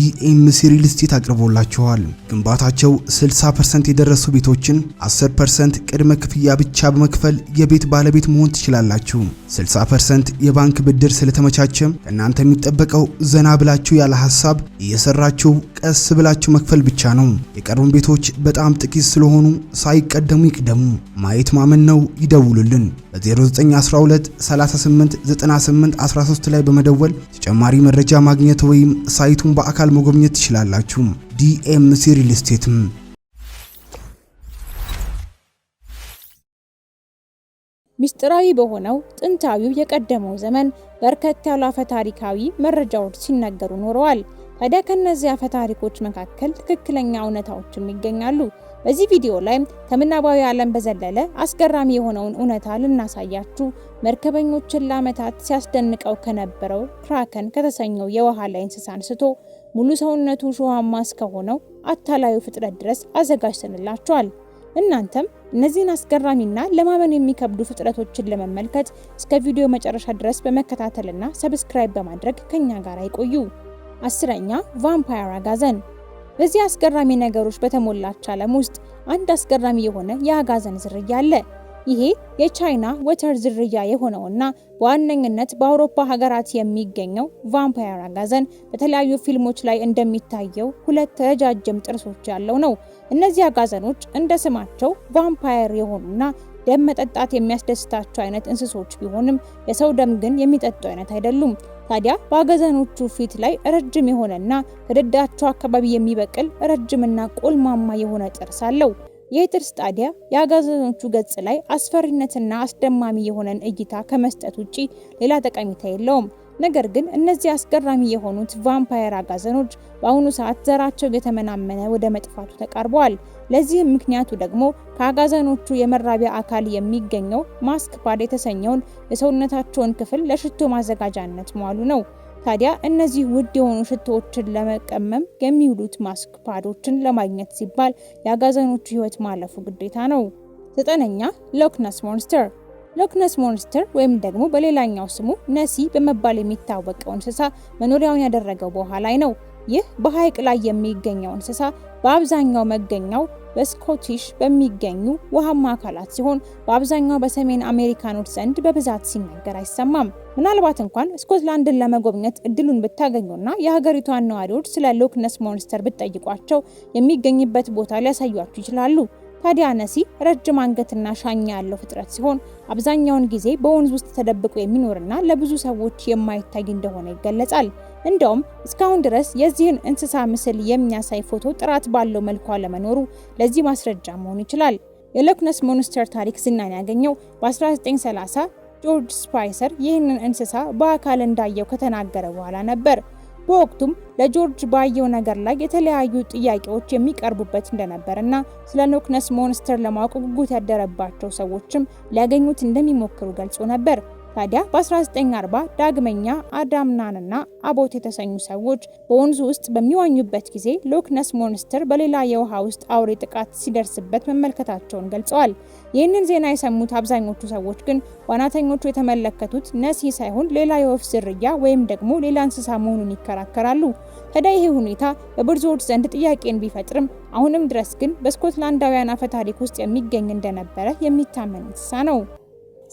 ዲኤምሲ ሪል ስቴት አቅርቦላቸዋል። ግንባታቸው 60% የደረሱ ቤቶችን 10% ቅድመ ክፍያ ብቻ በመክፈል የቤት ባለቤት መሆን ትችላላችሁ። 60% የባንክ ብድር ስለተመቻቸም ከእናንተ የሚጠበቀው ዘና ብላችሁ ያለ ሀሳብ እየሰራችሁ ቀስ ብላችሁ መክፈል ብቻ ነው። የቀሩን ቤቶች በጣም ጥቂት ስለሆኑ ሳይቀደሙ ይቅደሙ። ማየት ማመን ነው። ይደውሉልን። በ 091238 98 13 ላይ በመደወል ተጨማሪ መረጃ ማግኘት ወይም ሳይቱን በአካል መጎብኘት ትችላላችሁ። ዲኤምሲ ሪል ስቴትም ሚስጥራዊ በሆነው ጥንታዊው የቀደመው ዘመን በርከት ያሉ አፈታሪካዊ መረጃዎች ሲነገሩ ኖረዋል። ታዲያ ከነዚህ አፈ ታሪኮች መካከል ትክክለኛ እውነታዎችም ይገኛሉ። በዚህ ቪዲዮ ላይ ከምናባዊ ዓለም በዘለለ አስገራሚ የሆነውን እውነታ ልናሳያችሁ መርከበኞችን ለዓመታት ሲያስደንቀው ከነበረው ክራከን ከተሰኘው የውሃ ላይ እንስሳ አንስቶ ሙሉ ሰውነቱ ሾሃማ እስከሆነው አታላዩ ፍጥረት ድረስ አዘጋጅተንላችኋል። እናንተም እነዚህን አስገራሚና ለማመን የሚከብዱ ፍጥረቶችን ለመመልከት እስከ ቪዲዮ መጨረሻ ድረስ በመከታተልና ሰብስክራይብ በማድረግ ከኛ ጋር አይቆዩ። አስረኛ ቫምፓየር አጋዘን። በዚህ አስገራሚ ነገሮች በተሞላች ዓለም ውስጥ አንድ አስገራሚ የሆነ የአጋዘን ዝርያ አለ። ይሄ የቻይና ወተር ዝርያ የሆነውና በዋነኝነት በአውሮፓ ሀገራት የሚገኘው ቫምፓየር አጋዘን በተለያዩ ፊልሞች ላይ እንደሚታየው ሁለት ረጃጅም ጥርሶች ያለው ነው። እነዚህ አጋዘኖች እንደ ስማቸው ቫምፓየር የሆኑና ደም መጠጣት የሚያስደስታቸው አይነት እንስሶች ቢሆንም የሰው ደም ግን የሚጠጡ አይነት አይደሉም። ታዲያ በአገዘኖቹ ፊት ላይ ረጅም የሆነና ከድዳቸው አካባቢ የሚበቅል ረጅምና ቆልማማ የሆነ ጥርስ አለው። ይህ ጥርስ ታዲያ የአጋዘኖቹ ገጽ ላይ አስፈሪነትና አስደማሚ የሆነን እይታ ከመስጠት ውጪ ሌላ ጠቀሜታ የለውም። ነገር ግን እነዚህ አስገራሚ የሆኑት ቫምፓየር አጋዘኖች በአሁኑ ሰዓት ዘራቸው እየተመናመነ ወደ መጥፋቱ ተቃርበዋል። ለዚህም ምክንያቱ ደግሞ ከአጋዘኖቹ የመራቢያ አካል የሚገኘው ማስክ ፓድ የተሰኘውን የሰውነታቸውን ክፍል ለሽቶ ማዘጋጃነት መዋሉ ነው። ታዲያ እነዚህ ውድ የሆኑ ሽቶዎችን ለመቀመም የሚውሉት ማስክ ፓዶችን ለማግኘት ሲባል የአጋዘኖቹ ሕይወት ማለፉ ግዴታ ነው። ዘጠነኛ ሎክነስ ሞንስተር ሎክነስ ሞንስተር ወይም ደግሞ በሌላኛው ስሙ ነሲ በመባል የሚታወቀው እንስሳ መኖሪያውን ያደረገው በውሃ ላይ ነው። ይህ በሐይቅ ላይ የሚገኘው እንስሳ በአብዛኛው መገኛው በስኮቲሽ በሚገኙ ውሃማ አካላት ሲሆን በአብዛኛው በሰሜን አሜሪካኖች ዘንድ በብዛት ሲነገር አይሰማም። ምናልባት እንኳን ስኮትላንድን ለመጎብኘት እድሉን ብታገኙና የሀገሪቷን ነዋሪዎች ስለ ሎክነስ ሞንስተር ብትጠይቋቸው የሚገኝበት ቦታ ሊያሳያችሁ ይችላሉ። ታዲያ ነሲ ረጅም አንገትና ሻኛ ያለው ፍጥረት ሲሆን አብዛኛውን ጊዜ በወንዝ ውስጥ ተደብቆ የሚኖርና ለብዙ ሰዎች የማይታይ እንደሆነ ይገለጻል። እንደውም እስካሁን ድረስ የዚህን እንስሳ ምስል የሚያሳይ ፎቶ ጥራት ባለው መልኩ አለመኖሩ ለዚህ ማስረጃ መሆን ይችላል። የሎክነስ ሞንስተር ታሪክ ዝናን ያገኘው በ1930 ጆርጅ ስፓይሰር ይህንን እንስሳ በአካል እንዳየው ከተናገረ በኋላ ነበር። በወቅቱም ለጆርጅ ባየው ነገር ላይ የተለያዩ ጥያቄዎች የሚቀርቡበት እንደነበርና ስለ ኖክነስ ሞንስተር ለማወቅ ጉጉት ያደረባቸው ሰዎችም ሊያገኙት እንደሚሞክሩ ገልጾ ነበር። ታዲያ በ1940 ዳግመኛ አዳምናንና አቦት የተሰኙ ሰዎች በወንዙ ውስጥ በሚዋኙበት ጊዜ ሎክነስ ሞንስተር በሌላ የውሃ ውስጥ አውሬ ጥቃት ሲደርስበት መመልከታቸውን ገልጸዋል። ይህንን ዜና የሰሙት አብዛኞቹ ሰዎች ግን ዋናተኞቹ የተመለከቱት ነሲ ሳይሆን ሌላ የወፍ ዝርያ ወይም ደግሞ ሌላ እንስሳ መሆኑን ይከራከራሉ። ታዲያ ይህ ሁኔታ በብዙዎች ዘንድ ጥያቄን ቢፈጥርም አሁንም ድረስ ግን በስኮትላንዳውያን አፈታሪክ ውስጥ የሚገኝ እንደነበረ የሚታመን እንስሳ ነው።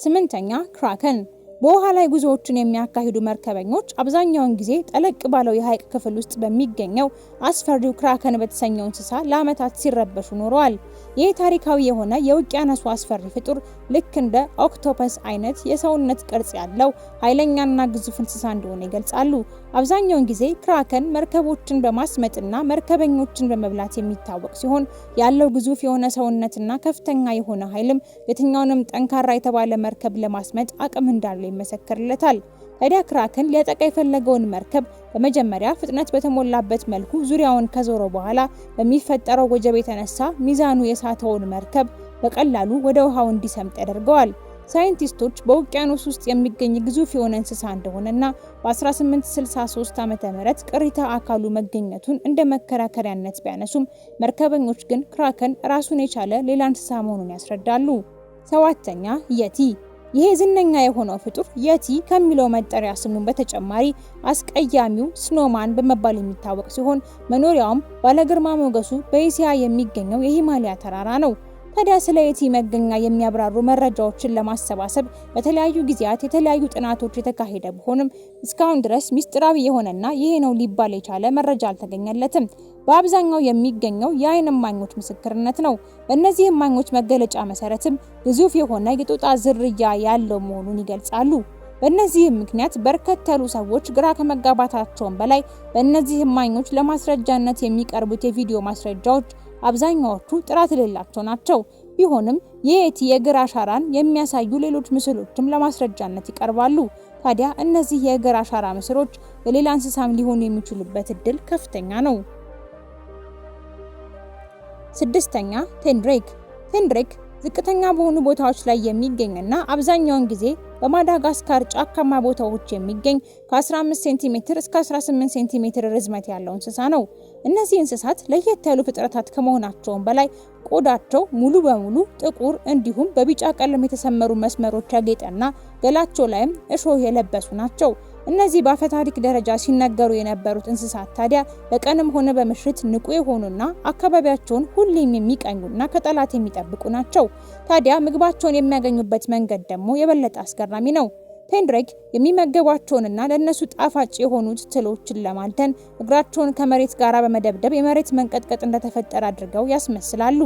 ስምንተኛ ክራከን በውሃ ላይ ጉዞዎችን የሚያካሂዱ መርከበኞች አብዛኛውን ጊዜ ጠለቅ ባለው የሐይቅ ክፍል ውስጥ በሚገኘው አስፈሪው ክራከን በተሰኘው እንስሳ ለዓመታት ሲረበሹ ኖረዋል። ይህ ታሪካዊ የሆነ የውቅያኖሱ አስፈሪ ፍጡር ልክ እንደ ኦክቶፐስ አይነት የሰውነት ቅርጽ ያለው ኃይለኛና ግዙፍ እንስሳ እንደሆነ ይገልጻሉ። አብዛኛውን ጊዜ ክራከን መርከቦችን በማስመጥና መርከበኞችን በመብላት የሚታወቅ ሲሆን ያለው ግዙፍ የሆነ ሰውነትና ከፍተኛ የሆነ ኃይልም የትኛውንም ጠንካራ የተባለ መርከብ ለማስመጥ አቅም እንዳለው ይመሰክርለታል። ታዲያ ክራከን ሊያጠቃ የፈለገውን መርከብ በመጀመሪያ ፍጥነት በተሞላበት መልኩ ዙሪያውን ከዞረ በኋላ በሚፈጠረው ወጀብ የተነሳ ሚዛኑ የሳተውን መርከብ በቀላሉ ወደ ውሃው እንዲሰምጥ ያደርገዋል። ሳይንቲስቶች በውቅያኖስ ውስጥ የሚገኝ ግዙፍ የሆነ እንስሳ እንደሆነና በ1863 ዓ.ም ቅሪተ አካሉ መገኘቱን እንደ መከራከሪያነት ቢያነሱም መርከበኞች ግን ክራከን ራሱን የቻለ ሌላ እንስሳ መሆኑን ያስረዳሉ። ሰባተኛ የቲ ይሄ ዝነኛ የሆነው ፍጡር የቲ ከሚለው መጠሪያ ስሙን በተጨማሪ አስቀያሚው ስኖማን በመባል የሚታወቅ ሲሆን መኖሪያውም ባለግርማ ሞገሱ በእስያ የሚገኘው የሂማሊያ ተራራ ነው። ታዲያ ስለ የቲ መገኛ የሚያብራሩ መረጃዎችን ለማሰባሰብ በተለያዩ ጊዜያት የተለያዩ ጥናቶች የተካሄደ ቢሆንም እስካሁን ድረስ ሚስጥራዊ የሆነና ይሄ ነው ሊባል የቻለ መረጃ አልተገኘለትም። በአብዛኛው የሚገኘው የአይን እማኞች ምስክርነት ነው። በእነዚህ እማኞች መገለጫ መሰረትም ግዙፍ የሆነ የጦጣ ዝርያ ያለው መሆኑን ይገልጻሉ። በእነዚህም ምክንያት በርከት ያሉ ሰዎች ግራ ከመጋባታቸውን በላይ በእነዚህ እማኞች ለማስረጃነት የሚቀርቡት የቪዲዮ ማስረጃዎች አብዛኛዎቹ ጥራት የሌላቸው ናቸው። ቢሆንም የየቲ የእግር አሻራን የሚያሳዩ ሌሎች ምስሎችም ለማስረጃነት ይቀርባሉ። ታዲያ እነዚህ የእግር አሻራ ምስሎች ለሌላ እንስሳም ሊሆኑ የሚችሉበት እድል ከፍተኛ ነው። ስድስተኛ ቴንድሬክ ቴንድሬክ ዝቅተኛ በሆኑ ቦታዎች ላይ የሚገኝና አብዛኛውን ጊዜ በማዳጋስካር ጫካማ ቦታዎች የሚገኝ ከ15 ሴንቲሜትር እስከ 18 ሴንቲሜትር ርዝመት ያለው እንስሳ ነው። እነዚህ እንስሳት ለየት ያሉ ፍጥረታት ከመሆናቸውም በላይ ቆዳቸው ሙሉ በሙሉ ጥቁር እንዲሁም በቢጫ ቀለም የተሰመሩ መስመሮች ያጌጠና ገላቸው ላይም እሾህ የለበሱ ናቸው። እነዚህ በአፈታሪክ ደረጃ ሲነገሩ የነበሩት እንስሳት ታዲያ በቀንም ሆነ በምሽት ንቁ የሆኑና አካባቢያቸውን ሁሌም የሚቀኙና ከጠላት የሚጠብቁ ናቸው። ታዲያ ምግባቸውን የሚያገኙበት መንገድ ደግሞ የበለጠ አስገራሚ ነው። ፔንድሬክ የሚመገቧቸውንና ለእነሱ ጣፋጭ የሆኑት ትሎችን ለማደን እግራቸውን ከመሬት ጋር በመደብደብ የመሬት መንቀጥቀጥ እንደተፈጠረ አድርገው ያስመስላሉ።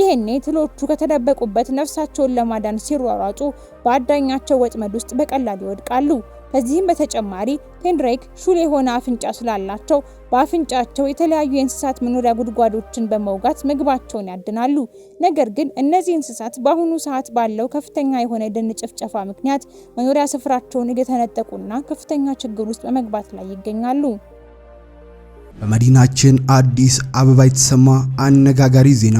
ይህኔ ትሎቹ ከተደበቁበት ነፍሳቸውን ለማዳን ሲሯሯጡ በአዳኛቸው ወጥመድ ውስጥ በቀላሉ ይወድቃሉ። ከዚህም በተጨማሪ ፔንድሬክ ሹል የሆነ አፍንጫ ስላላቸው በአፍንጫቸው የተለያዩ የእንስሳት መኖሪያ ጉድጓዶችን በመውጋት ምግባቸውን ያድናሉ። ነገር ግን እነዚህ እንስሳት በአሁኑ ሰዓት ባለው ከፍተኛ የሆነ የደን ጭፍጨፋ ምክንያት መኖሪያ ስፍራቸውን እየተነጠቁና ከፍተኛ ችግር ውስጥ በመግባት ላይ ይገኛሉ። በመዲናችን አዲስ አበባ የተሰማ አነጋጋሪ ዜና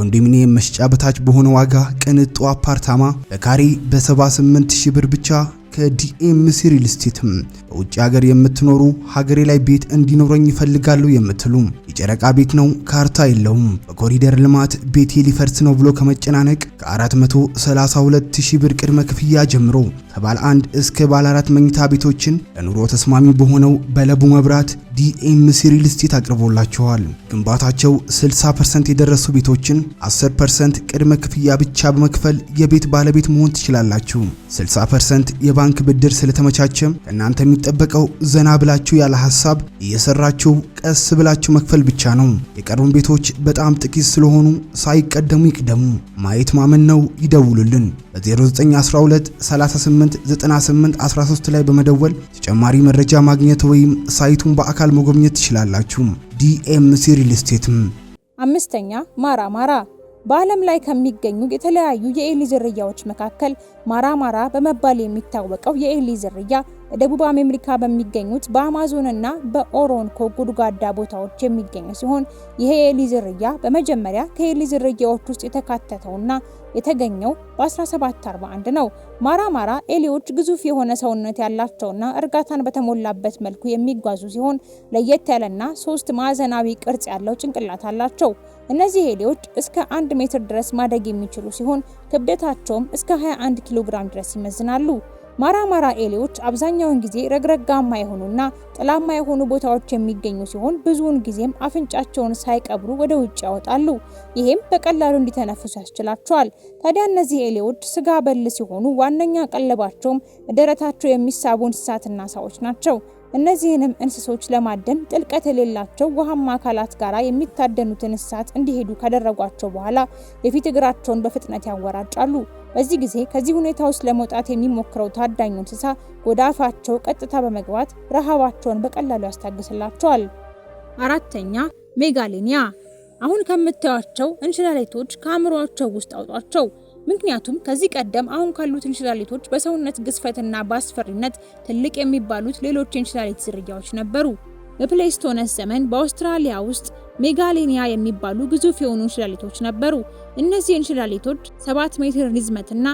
ኮንዶሚኒየም መስጫ በታች በሆነ ዋጋ ቅንጡ አፓርታማ በካሬ በ78 ሺህ ብር ብቻ ከዲኤምሲ ሪል ስቴትም በውጭ ሀገር የምትኖሩ ሀገሬ ላይ ቤት እንዲኖረኝ ይፈልጋለሁ የምትሉ የጨረቃ ቤት ነው፣ ካርታ የለውም፣ በኮሪደር ልማት ቤቴ ሊፈርስ ነው ብሎ ከመጨናነቅ ከ432000 ብር ቅድመ ክፍያ ጀምሮ ከባለ አንድ እስከ ባለ አራት መኝታ ቤቶችን ለኑሮ ተስማሚ በሆነው በለቡ መብራት ዲኤምሲ ሪል ስቴት አቅርቦላቸዋል። ግንባታቸው 60% የደረሱ ቤቶችን 10% ቅድመ ክፍያ ብቻ በመክፈል የቤት ባለቤት መሆን ትችላላችሁ። 60% የባ ባንክ ብድር ስለተመቻቸም ከእናንተ የሚጠበቀው ዘና ብላችሁ ያለ ሀሳብ እየሰራችሁ ቀስ ብላችሁ መክፈል ብቻ ነው። የቀሩን ቤቶች በጣም ጥቂት ስለሆኑ ሳይቀደሙ ይቅደሙ። ማየት ማመን ነው። ይደውሉልን። በ0912 38 98 13 ላይ በመደወል ተጨማሪ መረጃ ማግኘት ወይም ሳይቱን በአካል መጎብኘት ትችላላችሁ። ዲኤምሲ ሪል ስቴትም። አምስተኛ ማራ ማራ በዓለም ላይ ከሚገኙ የተለያዩ የኤሊ ዝርያዎች መካከል ማራማራ በመባል የሚታወቀው የኤሊ ዝርያ በደቡብ አሜሪካ በሚገኙት በአማዞንና በኦሮንኮ ጉድጓዳ ቦታዎች የሚገኝ ሲሆን ይሄ የኤሊ ዝርያ በመጀመሪያ ከኤሊ ዝርያዎች ውስጥ የተካተተውና የተገኘው በ1741 ነው። ማራማራ ኤሊዎች ግዙፍ የሆነ ሰውነት ያላቸውና እርጋታን በተሞላበት መልኩ የሚጓዙ ሲሆን ለየት ያለና ሶስት ማዕዘናዊ ቅርጽ ያለው ጭንቅላት አላቸው። እነዚህ ኤሌዎች እስከ 1 ሜትር ድረስ ማደግ የሚችሉ ሲሆን ክብደታቸውም እስከ 21 ኪሎ ግራም ድረስ ይመዝናሉ። ማራማራ ኤሌዎች አብዛኛውን ጊዜ ረግረጋማ የሆኑና ጥላማ የሆኑ ቦታዎች የሚገኙ ሲሆን ብዙውን ጊዜም አፍንጫቸውን ሳይቀብሩ ወደ ውጭ ያወጣሉ። ይሄም በቀላሉ እንዲተነፍሱ ያስችላቸዋል። ታዲያ እነዚህ ኤሌዎች ስጋ በል ሲሆኑ ዋነኛ ቀለባቸውም ደረታቸው የሚሳቡ እንስሳትና ሳዎች ናቸው። እነዚህንም እንስሶች ለማደን ጥልቀት የሌላቸው ውሃማ አካላት ጋር የሚታደኑትን እንስሳት እንዲሄዱ ካደረጓቸው በኋላ የፊት እግራቸውን በፍጥነት ያወራጫሉ። በዚህ ጊዜ ከዚህ ሁኔታ ውስጥ ለመውጣት የሚሞክረው ታዳኙ እንስሳ ወደ አፋቸው ቀጥታ በመግባት ረሃባቸውን በቀላሉ ያስታግስላቸዋል። አራተኛ ሜጋሌኒያ። አሁን ከምታያቸው እንሽላሌቶች ከአእምሯቸው ውስጥ አውጧቸው። ምክንያቱም ከዚህ ቀደም አሁን ካሉት እንሽላሊቶች በሰውነት ግዝፈትና በአስፈሪነት ትልቅ የሚባሉት ሌሎች የእንሽላሊት ዝርያዎች ነበሩ። በፕሌስቶነስ ዘመን በአውስትራሊያ ውስጥ ሜጋሌኒያ የሚባሉ ግዙፍ የሆኑ እንሽላሊቶች ነበሩ። እነዚህ እንሽላሊቶች 7 ሜትር ርዝመትና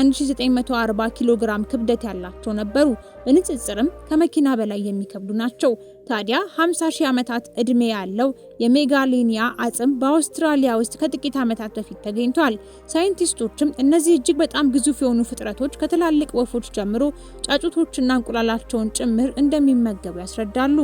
1940 ኪሎ ግራም ክብደት ያላቸው ነበሩ። በንጽጽርም ከመኪና በላይ የሚከብዱ ናቸው። ታዲያ 50 ሺህ ዓመታት ዕድሜ ያለው የሜጋሊኒያ አጽም በአውስትራሊያ ውስጥ ከጥቂት ዓመታት በፊት ተገኝቷል። ሳይንቲስቶችም እነዚህ እጅግ በጣም ግዙፍ የሆኑ ፍጥረቶች ከትላልቅ ወፎች ጀምሮ ጫጩቶችና እንቁላላቸውን ጭምር እንደሚመገቡ ያስረዳሉ።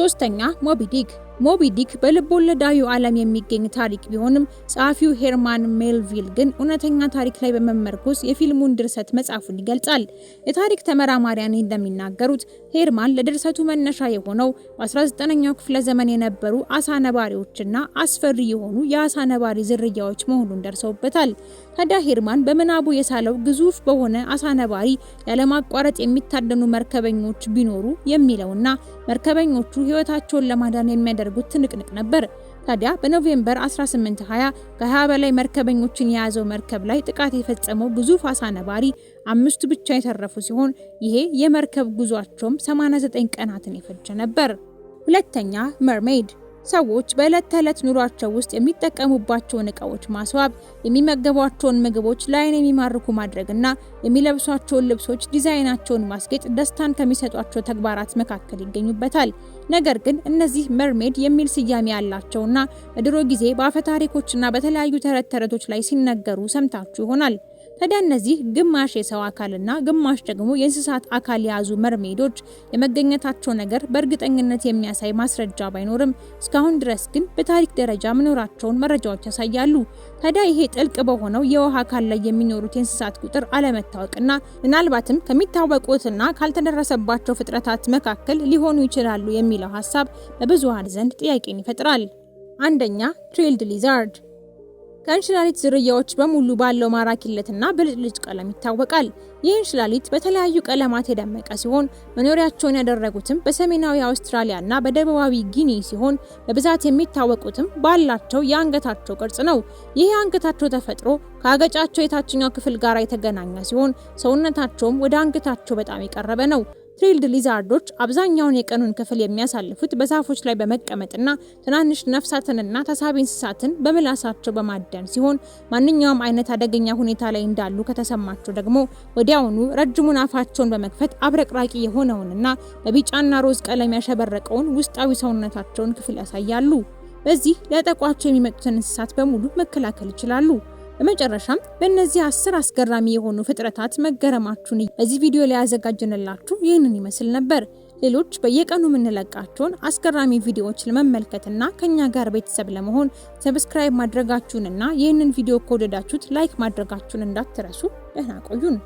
ሶስተኛ ሞቢዲግ ሞቢ ዲክ በልቦለዳዊ ዓለም የሚገኝ ታሪክ ቢሆንም ጸሐፊው ሄርማን ሜልቪል ግን እውነተኛ ታሪክ ላይ በመመርኮስ የፊልሙን ድርሰት መጻፉን ይገልጻል። የታሪክ ተመራማሪያን እንደሚናገሩት ሄርማን ለድርሰቱ መነሻ የሆነው በ19ኛው ክፍለ ዘመን የነበሩ አሳ ነባሪዎችና አስፈሪ የሆኑ የአሳ ነባሪ ዝርያዎች መሆኑን ደርሰውበታል። ታዲያ ሄርማን በምናቡ የሳለው ግዙፍ በሆነ አሳነባሪ ነባሪ ያለማቋረጥ የሚታደኑ መርከበኞች ቢኖሩ የሚለውና መርከበኞቹ ሕይወታቸውን ለማዳን የሚያደርጉት ትንቅንቅ ነበር። ታዲያ በኖቬምበር 1820 ከ20 በላይ መርከበኞችን የያዘው መርከብ ላይ ጥቃት የፈጸመው ግዙፍ አሳነባሪ ነባሪ አምስቱ ብቻ የተረፉ ሲሆን ይሄ የመርከብ ጉዟቸውም 89 ቀናትን የፈጀ ነበር። ሁለተኛ መርሜድ። ሰዎች በዕለት ተዕለት ኑሯቸው ውስጥ የሚጠቀሙባቸውን እቃዎች ማስዋብ፣ የሚመገቧቸውን ምግቦች ለአይን የሚማርኩ ማድረግና የሚለብሷቸውን ልብሶች ዲዛይናቸውን ማስጌጥ ደስታን ከሚሰጧቸው ተግባራት መካከል ይገኙበታል። ነገር ግን እነዚህ መርሜድ የሚል ስያሜ ያላቸውና በድሮ ጊዜ በአፈ ታሪኮችና በተለያዩ ተረት ተረቶች ላይ ሲነገሩ ሰምታችሁ ይሆናል። ታዲያ እነዚህ ግማሽ የሰው አካልና ግማሽ ደግሞ የእንስሳት አካል የያዙ መርሜዶች የመገኘታቸው ነገር በእርግጠኝነት የሚያሳይ ማስረጃ ባይኖርም እስካሁን ድረስ ግን በታሪክ ደረጃ መኖራቸውን መረጃዎች ያሳያሉ። ታዲያ ይሄ ጥልቅ በሆነው የውሃ አካል ላይ የሚኖሩት የእንስሳት ቁጥር አለመታወቅና ምናልባትም ከሚታወቁትና ካልተደረሰባቸው ፍጥረታት መካከል ሊሆኑ ይችላሉ የሚለው ሀሳብ በብዙሃን ዘንድ ጥያቄን ይፈጥራል። አንደኛ ትሬልድ ሊዛርድ ከእንሽላሊት ዝርያዎች በሙሉ ባለው ማራኪለትና ብልጭልጭ ቀለም ይታወቃል። ይህ እንሽላሊት በተለያዩ ቀለማት የደመቀ ሲሆን መኖሪያቸውን ያደረጉትም በሰሜናዊ አውስትራሊያና በደቡባዊ ጊኒ ሲሆን በብዛት የሚታወቁትም ባላቸው የአንገታቸው ቅርጽ ነው። ይህ የአንገታቸው ተፈጥሮ ከአገጫቸው የታችኛው ክፍል ጋር የተገናኘ ሲሆን ሰውነታቸውም ወደ አንገታቸው በጣም የቀረበ ነው። ትሬልድ ሊዛርዶች አብዛኛውን የቀኑን ክፍል የሚያሳልፉት በዛፎች ላይ በመቀመጥና ትናንሽ ነፍሳትንና ተሳቢ እንስሳትን በምላሳቸው በማደን ሲሆን ማንኛውም አይነት አደገኛ ሁኔታ ላይ እንዳሉ ከተሰማቸው ደግሞ ወዲያውኑ ረጅሙን አፋቸውን በመክፈት አብረቅራቂ የሆነውንና በቢጫና ሮዝ ቀለም ያሸበረቀውን ውስጣዊ ሰውነታቸውን ክፍል ያሳያሉ። በዚህ ሊያጠቋቸው የሚመጡትን እንስሳት በሙሉ መከላከል ይችላሉ። በመጨረሻም በእነዚህ አስር አስገራሚ የሆኑ ፍጥረታት መገረማችሁን በዚህ ቪዲዮ ላይ ያዘጋጀንላችሁ ይህንን ይመስል ነበር። ሌሎች በየቀኑ የምንለቃቸውን አስገራሚ ቪዲዮዎች ለመመልከትና ከኛ ጋር ቤተሰብ ለመሆን ሰብስክራይብ ማድረጋችሁንና ይህንን ቪዲዮ ከወደዳችሁት ላይክ ማድረጋችሁን እንዳትረሱ። ደህና ቆዩን።